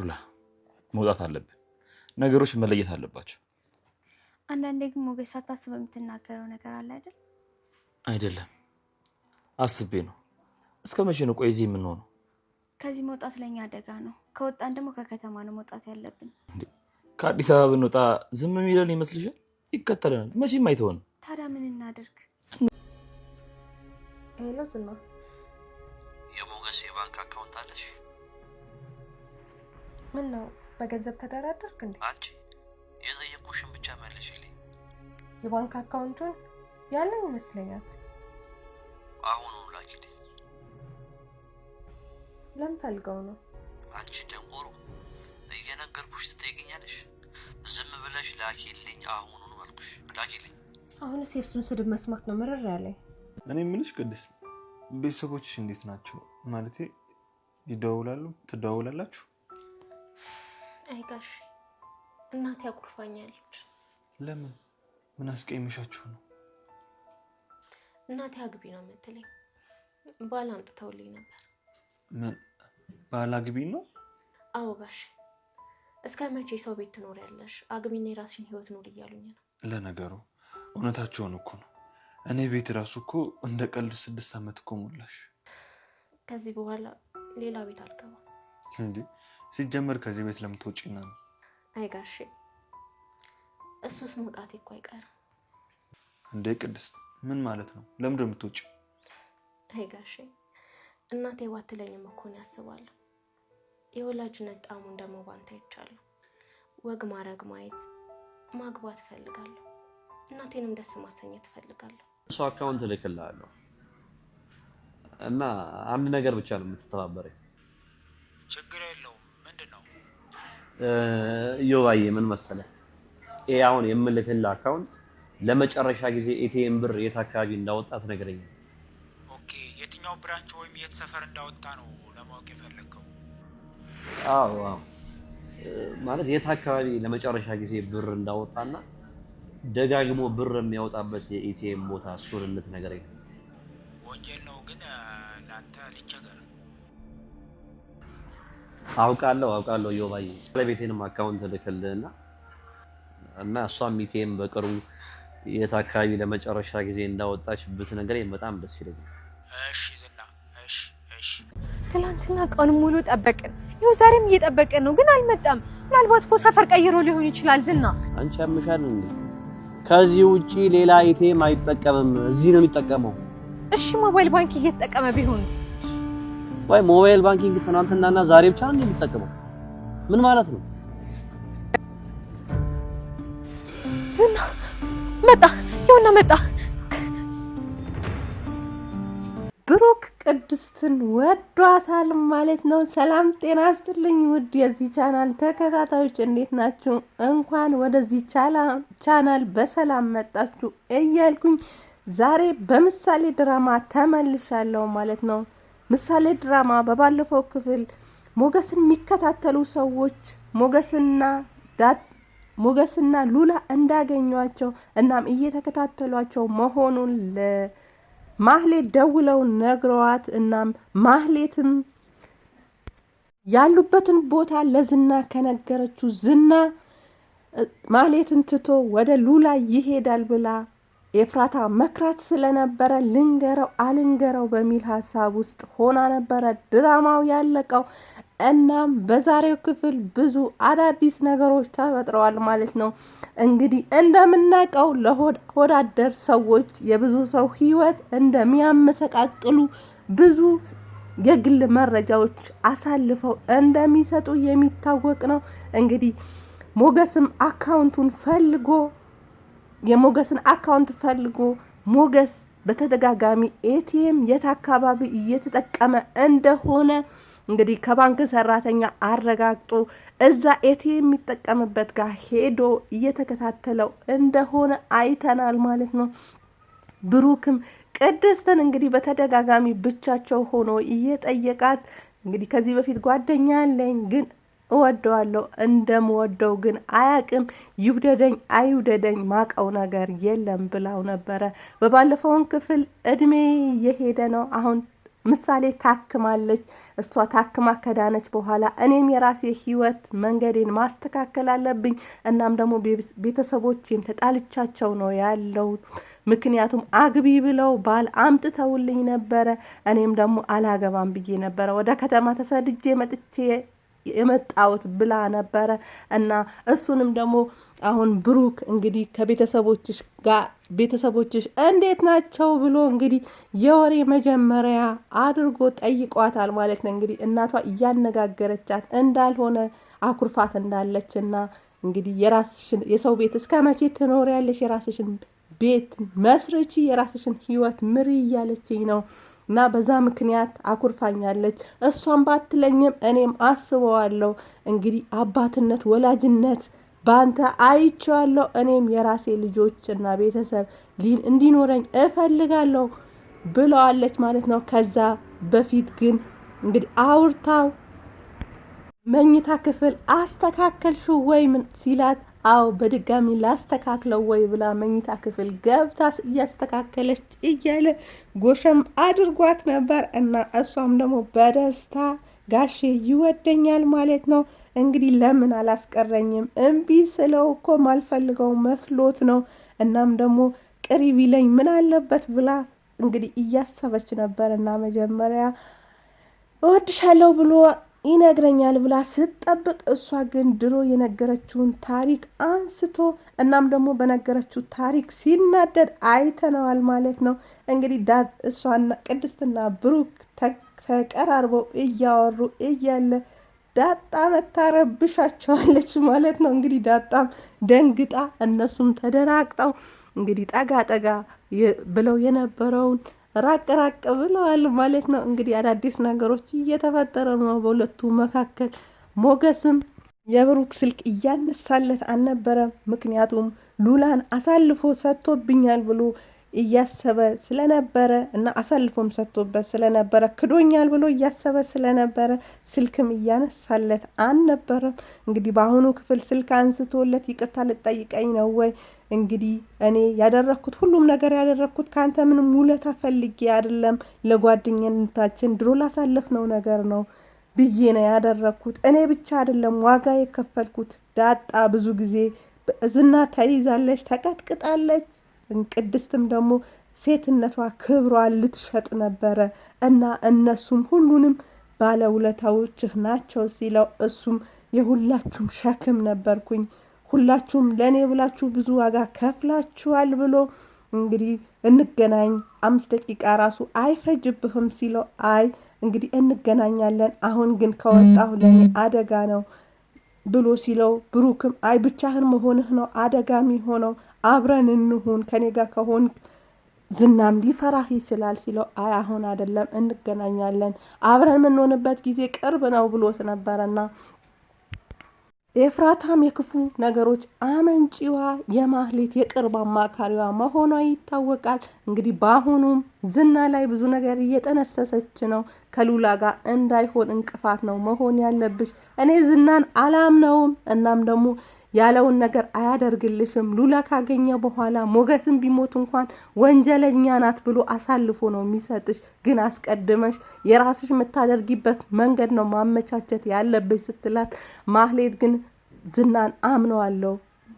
ዱላ መውጣት አለብን። ነገሮች መለየት አለባቸው። አንዳንዴ ግን ሞገስ ሳታስብ የምትናገረው ነገር አለ አይደል? አይደለም አስቤ ነው። እስከ መቼ ነው ቆይ እዚህ የምንሆነው? ከዚህ መውጣት ለኛ አደጋ ነው። ከወጣን ደግሞ ከከተማ ነው መውጣት ያለብን። ከአዲስ አበባ ብንወጣ ዝም የሚለን ይመስልሻል? ይከተለናል። መቼም አይተሆን። ታዲያ ምን እናደርግ? ሄሎ ዝና፣ የሞገስ የባንክ አካውንት አለሽ? ምን ነው በገንዘብ ተደራደርክ እንዴ? አንቺ የጠየቁሽን ብቻ መልሽልኝ። የባንክ አካውንቱን ያለኝ ይመስለኛል። አሁኑ ላኪልኝ። ለምፈልገው ነው። አንቺ ደንቆሮ እየነገርኩሽ ትጠይቅኛለሽ? ዝም ብለሽ ላኪልኝ፣ አሁኑን አልኩሽ። ላኪልኝ። አሁን የእሱን ስድብ መስማት ነው ምርር ያለኝ። እኔ የምልሽ ቅድስት፣ ቤተሰቦችሽ እንዴት ናቸው? ማለቴ ይደዋውላሉ? ትደዋውላላችሁ? አይጋሽ እናቴ አኩርፋኛለች። ለምን? ምን አስቀይምሻችሁ ነው? እናቴ አግቢ ነው የምትለኝ። ባል አምጥተውልኝ ነበር። ምን ባል አግቢ ነው? አዎ ጋሽ። እስከ መቼ ሰው ቤት ትኖሪያለሽ? አግቢና የራስሽን ህይወት ኑሪ እያሉኝ ነው። ለነገሩ እውነታቸውን እኮ ነው። እኔ ቤት ራሱ እኮ እንደ ቀልድ ስድስት ዓመት እኮ ሞላሽ። ከዚህ በኋላ ሌላ ቤት አልገባም። እንዲህ ሲጀመር ከዚህ ቤት ለምትወጪ ነው? አይ ጋሼ፣ እሱስ መውጣት እኮ አይቀር እንዴ ቅድስት፣ ምን ማለት ነው? ለምንድን ነው አይ እናቴ ባትለኝም እኮ ነው ያስባለሁ። የወላጅነት ጣሙ ደግሞ ባንተ አይቻለሁ። ወግ ማድረግ ማየት፣ ማግባት እፈልጋለሁ። እናቴንም ደስ ማሰኘት እፈልጋለሁ። እሱ አካውንት እልክልሃለሁ እና አንድ ነገር ብቻ ነው የምትተባበረኝ ችግር ዮባዬ ምን መሰለህ ይሄ አሁን የምልክልህ አካውንት ለመጨረሻ ጊዜ ኤቲኤም ብር የት አካባቢ እንዳወጣ ትነግረኛለህ። ኦኬ፣ የትኛው ብራንች ወይም የት ሰፈር እንዳወጣ ነው ለማወቅ የፈለግከው? አዎ አዎ፣ ማለት የት አካባቢ ለመጨረሻ ጊዜ ብር እንዳወጣና ደጋግሞ ብር የሚያወጣበት የኤቲኤም ቦታ እሱን እንድትነግረኝ። ወንጀል ነው ግን ለአንተ ልቸገር አውቃለሁ አውቃለሁ ዮባዬ ባለቤቴንም አካውንት ልክልህና እና እሷ ሚቴም በቅርቡ የት አካባቢ ለመጨረሻ ጊዜ እንዳወጣች ብትነግረኝ በጣም ደስ ይለኛል። እሺ ዝና፣ እሺ እሺ። ትላንትና ቀን ሙሉ ጠበቅን፣ ይኸው ዛሬም እየጠበቅን ነው፣ ግን አልመጣም። ምናልባት እኮ ሰፈር ቀይሮ ሊሆን ይችላል። ዝና፣ አንቺ ያምሻል እንዴ? ከዚህ ውጪ ሌላ ኢቴም አይጠቀምም፣ እዚህ ነው የሚጠቀመው። እሺ ሞባይል ባንክ እየተጠቀመ ቢሆንስ? ወይ ሞባይል ባንኪንግ ትናንትናና ዛሬ ብቻ ነው የምጠቀመው። ምን ማለት ነው? ዝና መጣ፣ ይኸውና መጣ። ብሩክ ቅድስትን ወዷታል ማለት ነው። ሰላም ጤና ይስጥልኝ ውድ የዚህ ቻናል ተከታታዮች እንዴት ናችሁ? እንኳን ወደዚህ ቻናል በሰላም መጣችሁ እያልኩኝ ዛሬ በምሳሌ ድራማ ተመልሻለሁ ማለት ነው። ምሳሌ ድራማ በባለፈው ክፍል ሞገስን የሚከታተሉ ሰዎች ሞገስና ዳት ሞገስና ሉላ እንዳገኟቸው እናም እየተከታተሏቸው መሆኑን ለማህሌት ደውለው ነግረዋት እናም ማህሌትም ያሉበትን ቦታ ለዝና ከነገረችው ዝና ማህሌትን ትቶ ወደ ሉላ ይሄዳል ብላ የፍራታ መክራት ስለነበረ ልንገረው አልንገረው በሚል ሀሳብ ውስጥ ሆና ነበረ ድራማው ያለቀው። እናም በዛሬው ክፍል ብዙ አዳዲስ ነገሮች ተፈጥረዋል ማለት ነው። እንግዲህ እንደምናውቀው ለሆድ ሰዎች የብዙ ሰው ህይወት እንደሚያመሰቃቅሉ ብዙ የግል መረጃዎች አሳልፈው እንደሚሰጡ የሚታወቅ ነው። እንግዲህ ሞገስም አካውንቱን ፈልጎ የሞገስን አካውንት ፈልጎ ሞገስ በተደጋጋሚ ኤቲኤም የት አካባቢ እየተጠቀመ እንደሆነ እንግዲህ ከባንክ ሰራተኛ አረጋግጦ እዛ ኤቲኤም የሚጠቀምበት ጋር ሄዶ እየተከታተለው እንደሆነ አይተናል ማለት ነው። ብሩክም ቅድስትን እንግዲህ በተደጋጋሚ ብቻቸው ሆኖ እየጠየቃት እንግዲህ ከዚህ በፊት ጓደኛ አለኝ ግን እወደዋለሁ እንደምወደው ግን አያቅም። ይውደደኝ አይውደደኝ ማቀው ነገር የለም ብላው ነበረ። በባለፈውን ክፍል እድሜ እየሄደ ነው አሁን ምሳሌ ታክማለች። እሷ ታክማ ከዳነች በኋላ እኔም የራሴ ህይወት መንገዴን ማስተካከል አለብኝ። እናም ደግሞ ቤተሰቦቼም ተጣልቻቸው ነው ያለው። ምክንያቱም አግቢ ብለው ባል አምጥተውልኝ ነበረ። እኔም ደግሞ አላገባም ብዬ ነበረ። ወደ ከተማ ተሰድጄ መጥቼ የመጣሁት ብላ ነበረ እና እሱንም ደግሞ አሁን ብሩክ እንግዲህ ከቤተሰቦችሽ ጋር ቤተሰቦችሽ እንዴት ናቸው ብሎ እንግዲህ የወሬ መጀመሪያ አድርጎ ጠይቋታል ማለት ነው። እንግዲህ እናቷ እያነጋገረቻት እንዳልሆነ አኩርፋት እንዳለች እና እንግዲህ የራስሽን የሰው ቤት እስከ መቼ ትኖሪያለሽ? የራስሽን ቤት መስርቺ፣ የራስሽን ህይወት ምሪ እያለችኝ ነው እና በዛ ምክንያት አኩርፋኛለች። እሷን ባትለኝም እኔም አስበዋለሁ። እንግዲህ አባትነት፣ ወላጅነት ባንተ አይቼዋለሁ። እኔም የራሴ ልጆች እና ቤተሰብ እንዲኖረኝ እፈልጋለሁ ብለዋለች ማለት ነው። ከዛ በፊት ግን እንግዲህ አውርታው መኝታ ክፍል አስተካከልሹ ወይ ሲላት አዎ በድጋሚ ላስተካክለው ወይ ብላ መኝታ ክፍል ገብታ እያስተካከለች እያለ ጎሸም አድርጓት ነበር እና እሷም ደግሞ በደስታ ጋሼ ይወደኛል ማለት ነው እንግዲህ ለምን አላስቀረኝም እምቢ ስለው እኮ ማልፈልገው መስሎት ነው እናም ደግሞ ቅሪ ቢለኝ ምን አለበት ብላ እንግዲህ እያሰበች ነበር እና መጀመሪያ እወድሻለሁ ብሎ ይነግረኛል ብላ ስትጠብቅ እሷ ግን ድሮ የነገረችውን ታሪክ አንስቶ እናም ደግሞ በነገረችው ታሪክ ሲናደድ አይተነዋል ማለት ነው። እንግዲህ ዳት እሷና ቅድስትና ብሩክ ተቀራርበው እያወሩ እያለ ዳጣ መታረብሻቸዋለች ማለት ነው። እንግዲህ ዳጣም ደንግጣ እነሱም ተደራቅጠው እንግዲህ ጠጋ ጠጋ ብለው የነበረውን ራቅ ራቅ ብለዋል ማለት ነው። እንግዲህ አዳዲስ ነገሮች እየተፈጠረ ነው በሁለቱ መካከል። ሞገስም የብሩክ ስልክ እያነሳለት አልነበረም። ምክንያቱም ሉላን አሳልፎ ሰጥቶብኛል ብሎ እያሰበ ስለነበረ እና አሳልፎም ሰጥቶበት ስለነበረ ክዶኛል ብሎ እያሰበ ስለነበረ ስልክም እያነሳለት አልነበረም። እንግዲህ በአሁኑ ክፍል ስልክ አንስቶለት ይቅርታ ልጠይቀኝ ነው ወይ? እንግዲህ እኔ ያደረግኩት ሁሉም ነገር ያደረግኩት ከአንተ ምንም ውለታ ፈልጌ አይደለም፣ ለጓደኝነታችን ድሮ ላሳለፍነው ነገር ነው ብዬ ነው ያደረግኩት። እኔ ብቻ አይደለም ዋጋ የከፈልኩት። ዳጣ ብዙ ጊዜ ዝና ተይዛለች፣ ተቀጥቅጣለች። ቅድስትም ደግሞ ሴትነቷ ክብሯ ልትሸጥ ነበረ እና እነሱም ሁሉንም ባለውለታዎችህ ናቸው ሲለው እሱም የሁላችሁም ሸክም ነበርኩኝ ሁላችሁም ለእኔ ብላችሁ ብዙ ዋጋ ከፍላችኋል ብሎ እንግዲህ እንገናኝ አምስት ደቂቃ ራሱ አይፈጅብህም ሲለው አይ እንግዲህ እንገናኛለን አሁን ግን ከወጣሁ ለእኔ አደጋ ነው ብሎ ሲለው ብሩክም አይ ብቻህን መሆንህ ነው አደጋ ሆነው አብረን እንሁን ከኔ ጋር ከሆን ዝናም ሊፈራህ ይችላል ሲለው አይ አሁን አይደለም እንገናኛለን አብረን የምንሆንበት ጊዜ ቅርብ ነው ብሎት ነበረና ኤፍራታም የክፉ ነገሮች አመንጪዋ የማህሌት የቅርብ አማካሪዋ መሆኗ ይታወቃል። እንግዲህ በአሁኑም ዝና ላይ ብዙ ነገር እየጠነሰሰች ነው። ከሉላ ጋር እንዳይሆን እንቅፋት ነው መሆን ያለብሽ። እኔ ዝናን አላምነውም። እናም ደግሞ ያለውን ነገር አያደርግልሽም። ሉላ ካገኘ በኋላ ሞገስን ቢሞት እንኳን ወንጀለኛ ናት ብሎ አሳልፎ ነው የሚሰጥሽ። ግን አስቀድመሽ የራስሽ የምታደርጊበት መንገድ ነው ማመቻቸት ያለብሽ ስትላት፣ ማህሌት ግን ዝናን አምነዋለሁ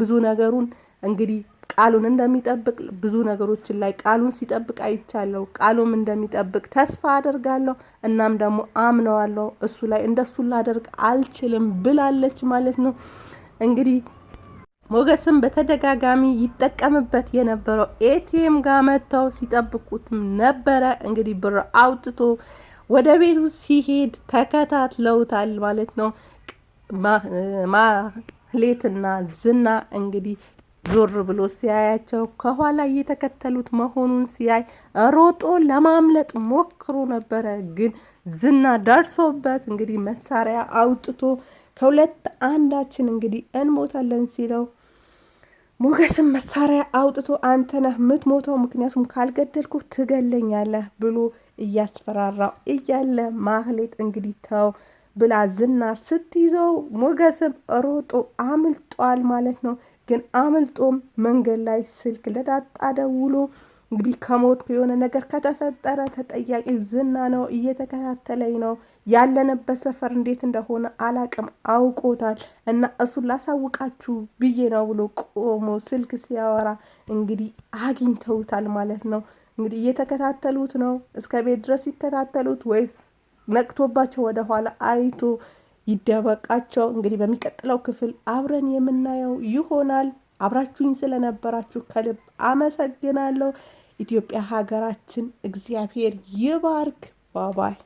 ብዙ ነገሩን እንግዲህ ቃሉን እንደሚጠብቅ ብዙ ነገሮችን ላይ ቃሉን ሲጠብቅ አይቻለሁ። ቃሉም እንደሚጠብቅ ተስፋ አደርጋለሁ። እናም ደግሞ አምነዋለሁ እሱ ላይ እንደሱ ላደርግ አልችልም ብላለች ማለት ነው። እንግዲህ ሞገስም በተደጋጋሚ ይጠቀምበት የነበረው ኤቲኤም ጋር መጥተው ሲጠብቁትም ነበረ። እንግዲህ ብር አውጥቶ ወደ ቤቱ ሲሄድ ተከታትለውታል ማለት ነው። ማህሌትና ዝና እንግዲህ ዞር ብሎ ሲያያቸው ከኋላ እየተከተሉት መሆኑን ሲያይ ሮጦ ለማምለጥ ሞክሮ ነበረ። ግን ዝና ደርሶበት እንግዲህ መሳሪያ አውጥቶ ከሁለት አንዳችን እንግዲህ እንሞታለን ሲለው ሞገስን መሳሪያ አውጥቶ አንተ ነህ የምትሞተው፣ ምክንያቱም ካልገደልኩ ትገለኛለህ ብሎ እያስፈራራው እያለ ማህሌት እንግዲህ ተው ብላ ዝና ስትይዘው ሞገስም ሮጦ አምልጧል ማለት ነው። ግን አምልጦም መንገድ ላይ ስልክ ለዳጣ ደውሎ እንግዲህ ከሞት የሆነ ነገር ከተፈጠረ ተጠያቂው ዝና ነው፣ እየተከታተለኝ ነው ያለንበት ሰፈር እንዴት እንደሆነ አላቅም አውቆታል እና እሱን ላሳውቃችሁ ብዬ ነው ብሎ ቆሞ ስልክ ሲያወራ እንግዲህ አግኝተውታል ማለት ነው። እንግዲህ እየተከታተሉት ነው። እስከ ቤት ድረስ ይከታተሉት ወይስ ነቅቶባቸው ወደኋላ አይቶ ይደበቃቸው? እንግዲህ በሚቀጥለው ክፍል አብረን የምናየው ይሆናል። አብራችሁኝ ስለነበራችሁ ከልብ አመሰግናለሁ። ኢትዮጵያ ሀገራችን እግዚአብሔር ይባርክ። ባባይ